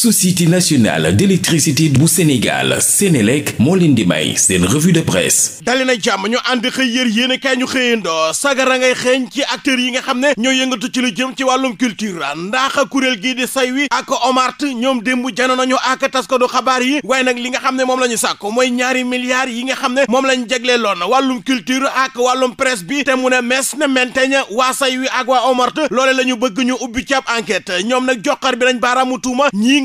société nationale d'électricité bu Sénégal Sénélec moo leen di may seen revue de presse dali na jàmm ñu ànd xëy yër yéen kaay ñu xëyandoo sagara ngay xeeñ ci acteurs yi nga xam ne ñooy yëngatu ci lu jëm ci wàllum culture ndax kuréel gii di say wi ak omart ñoom démb jano nañu ak taskadu xabaar yi waaye nag li nga xam ne moom la ñu sàkk mooy ñaari milliards yi nga xam ne moom lañ jagleeloon wàllum culture ak wàllum presse bi te mu ne mes na menteñ waa say wi ak waa omart loole la ñu bëgg ubbi ci ab ñoom nag joxar nañ baaraamu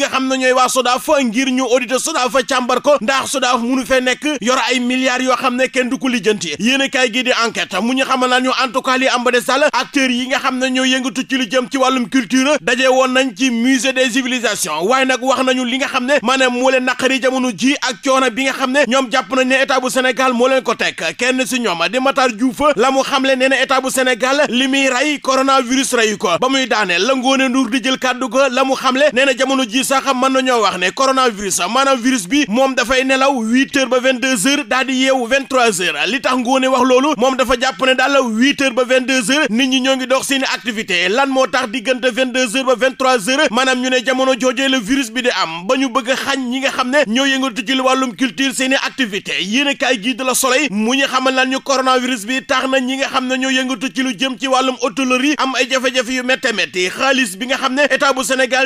nga xam ne ñooy waa SODAF ngir ñu auditer SODAF càmbar ko ndax SODAF munu fee nekk yor ay milliards yoo xam ne kenn du ko lijjanti yéen kaay gi di enquête mu ñu xamal naa ñu en tout cas li am ba des daal acteurs yi nga xam ne ñoo yëngatu ci lu jëm ci wàllum culture daje woon nañ ci musée des civilisations waaye nag wax nañu li nga xam ne maanaam moo leen naqari jamono ji ak coono bi nga xam ne ñoom jàpp nañ ne état bu moo leen ko teg kenn si ñoom di Matar Diouf la mu xamle nee na état bu Sénégal li muy rey coronavirus reyu ko ba muy daane la Ngoone Ndour di jël kàddu la mu xamle nee sax man nañoo wax ne coronavirus maanaam virus bi moom dafay nelaw huit heures ba vingt deux heures daal di yeewu vingt trois heures li tax ne daal huit heures ba vingt deux heures nit ñi seen activité lan moo tax diggante vingt deux heures a xañ ñi nga xam ne ñoo yëngatu a kaay gii de la bi nga xam ne ñoo di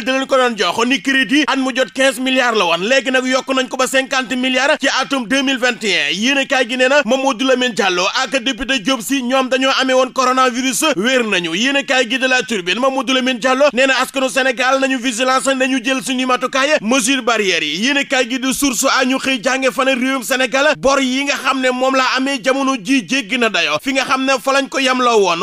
leen ko jox ni crédit yi at mu jot quinze milliards la woon léegi nag yokk nañ ko ba cinquante ci atum deux a kaay gi nee na Mamadou Lamine Diallo ak député Diop si ñoom dañoo amee woon coronavirus wéer nañu yéen a kaay gi de la Tribune Mamadou Lamine Diallo nee na askanu Sénégal nañu vigilance nañu jël suñu matukaay mesure barrières yi yéen a kaay gi de source a ñu xëy jànge fan réewum Sénégal bor yi nga xam ne moom laa amee jamono ji jéggi na dayo fi nga xam ne fa ko yemloo woon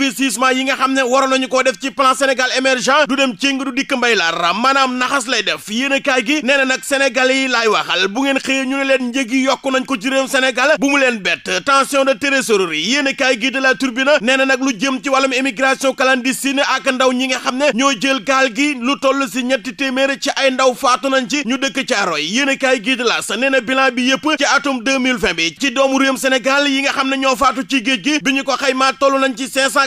investissement yi nga xam ne waroon nañu koo def ci plan Sénégal émergent du dem céng du dikk mbay laar maanaam naxas lay def yéen a kaay gi nee nag sénégalais yi laay waxal bu ngeen xëyee ñu ne leen njëg yi yokk nañ ko ci réewum Sénégal bu mu leen bett tension de trésorerie yéen a kaay gi de la turbine na nag lu jëm ci wàllum émigration clandestine ak ndaw ñi nga xam ne ñoo jël gaal gi lu toll si ñetti téeméer ci ay ndaw faatu nañ ci ñu dëkk ci aroy yéen gi de la sa nee na bilan bi yëpp ci atum 2020 yi nga xam ne ñoo faatu ci géej gi bi ñu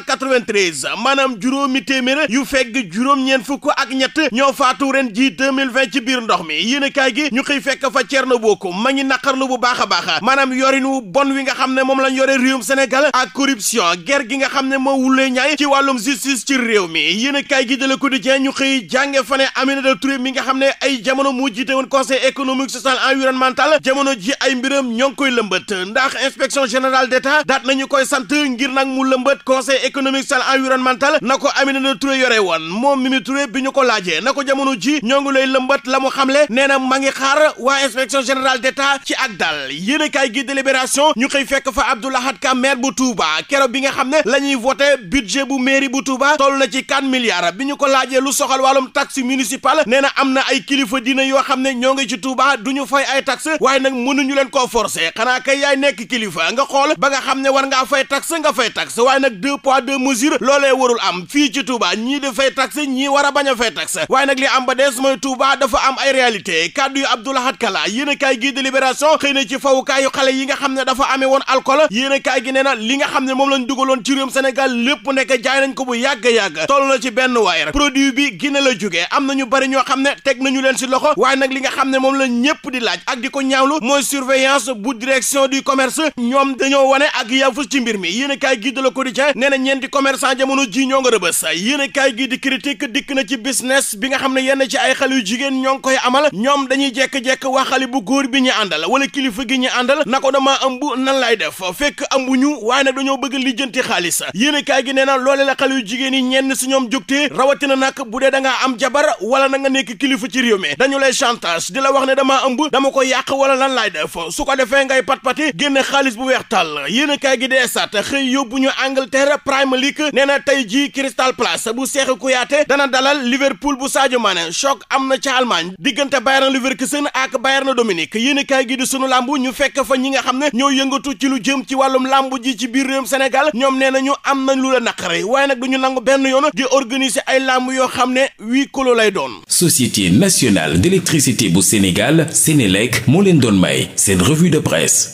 1993 maanaam juróomi téeméer yu fegg juróom-ñeent fukk ak ñett ñoo faatu ren ji 2020 ci biir ndox mi yéen kaay gi ñu xëy fekk fa Thierno Bocoum ma ngi naqarlu bu baax a baax maanaam yorin wu bon wi nga xam ne moom lañ yore réewum Sénégal ak corruption gi nga xam ne moo wulee ñaay ci wàllum justice ci réew mi yéen a kaay gi de Le Quotidien ñu xëy jànge fa ne Aminata Touré mi nga xam ne ay jamono moo jiite woon conseil économique social environnemental jamono ji ay mbiram ñoo ngi koy lëmbat ndax inspection générale d'État daat nañu koy sant ngir nag mu lëmbat conseil économique social environnemental na ko Aminata Touré yore woon moom Mimi Touré bi ñu ko laajee na ko jamono ji ñoo ngi lay lëmbat la mu xamle nee na ma ngi xaar waa inspection générale d'État ci ak dal yéen kaay gi délibération ñu xëy fekk fa Abdou Lahad Ka bu Touba keroog bi nga xam ne la ñuy voté budget bu mairie bu Touba toll na ci 4 milliards bi ñu ko laajee lu soxal wàllum taxe municipale nee na am na ay kilifa diina yoo xam ne ñoo ngi ci Touba du ñu fay ay taxe waaye nag mënuñu leen koo forcer xanaa kay yaay nekk kilifa nga xool ba nga xam ne war ngaa fay taxe nga fay taxe waaye nag deux mesures loole warul am fii ci Touba ñii de fay taxe ñii war a bañ a fay taxe waaye nag li am ba des mooy Touba dafa am ay réalité kàddu yu Abdou Lahad Kala yéen a gii di libération xëy na ci fawukaayu xale yi nga xam ne dafa amee won alcool yéen a kaay gi nee na li nga xam ne moom lañ dugaloon ci réewum Sénégal lépp nekk jaay ko bu yàgg-yàgg toll na ci benn waay produi bi Guinée la jógee am nañu bari ñoo xam ne teg nañu leen si loxo waaye nag li nga xam ne moom la ñëpp di laaj ak ko ñaawlu mooy surveillance bu direction du commerce ñoom dañoo wane ak yàfus ci mi yéen a kaay gii di la nee na ñeenti commerçant jamono ji ñoo nga rëbës yéenekaay gi di critique dikk na ci business bi nga xam ne yenn ci ay xale yu jigéen ñoo ngi koy amal ñoom dañuy jekk-jekk wax xale bu góor bi ñu àndal wala kilifa gi ñu àndal na ko dama ëmb nan lay def fekk ëmbuñu waaye nag dañoo bëgg lijjanti xaalis yéenekaay gi nee na loole la xale yu jigéen yi ñenn si ñoom jógtee rawatina nag bu dee da am jabar wala na nga nekk kilifa ci réew mi dañu lay chantage di la wax ne dama ëmb dama ko yàq wala lan laay def su ko defee ngay pat-pati génne xaalis bu weex tàll yéenekaay gi dee sat xëy ñu Angleterre Ibrahima Lik nee na tey jii Crystal Palace bu Cheikhou Kouyaté dana dalal Liverpool bu Sadio Mané choc am na ca Allemagne diggante Bayern Leverkusen ak Bayern Dominique yéenekaay gi di sunu làmb ñu fekk fa ñi nga xam ne ñoo yëngatu ci lu jëm ci wàllum làmb ji ci biir réewum Sénégal ñoom nee na ñu am na lu la naqare waaye nag duñu nangu benn yoon di organiser ay làmb yoo xam ne huis clos lay doon. Société nationale d'électricité bu Sénégal Sénélec moo leen doon may seen revue de presse.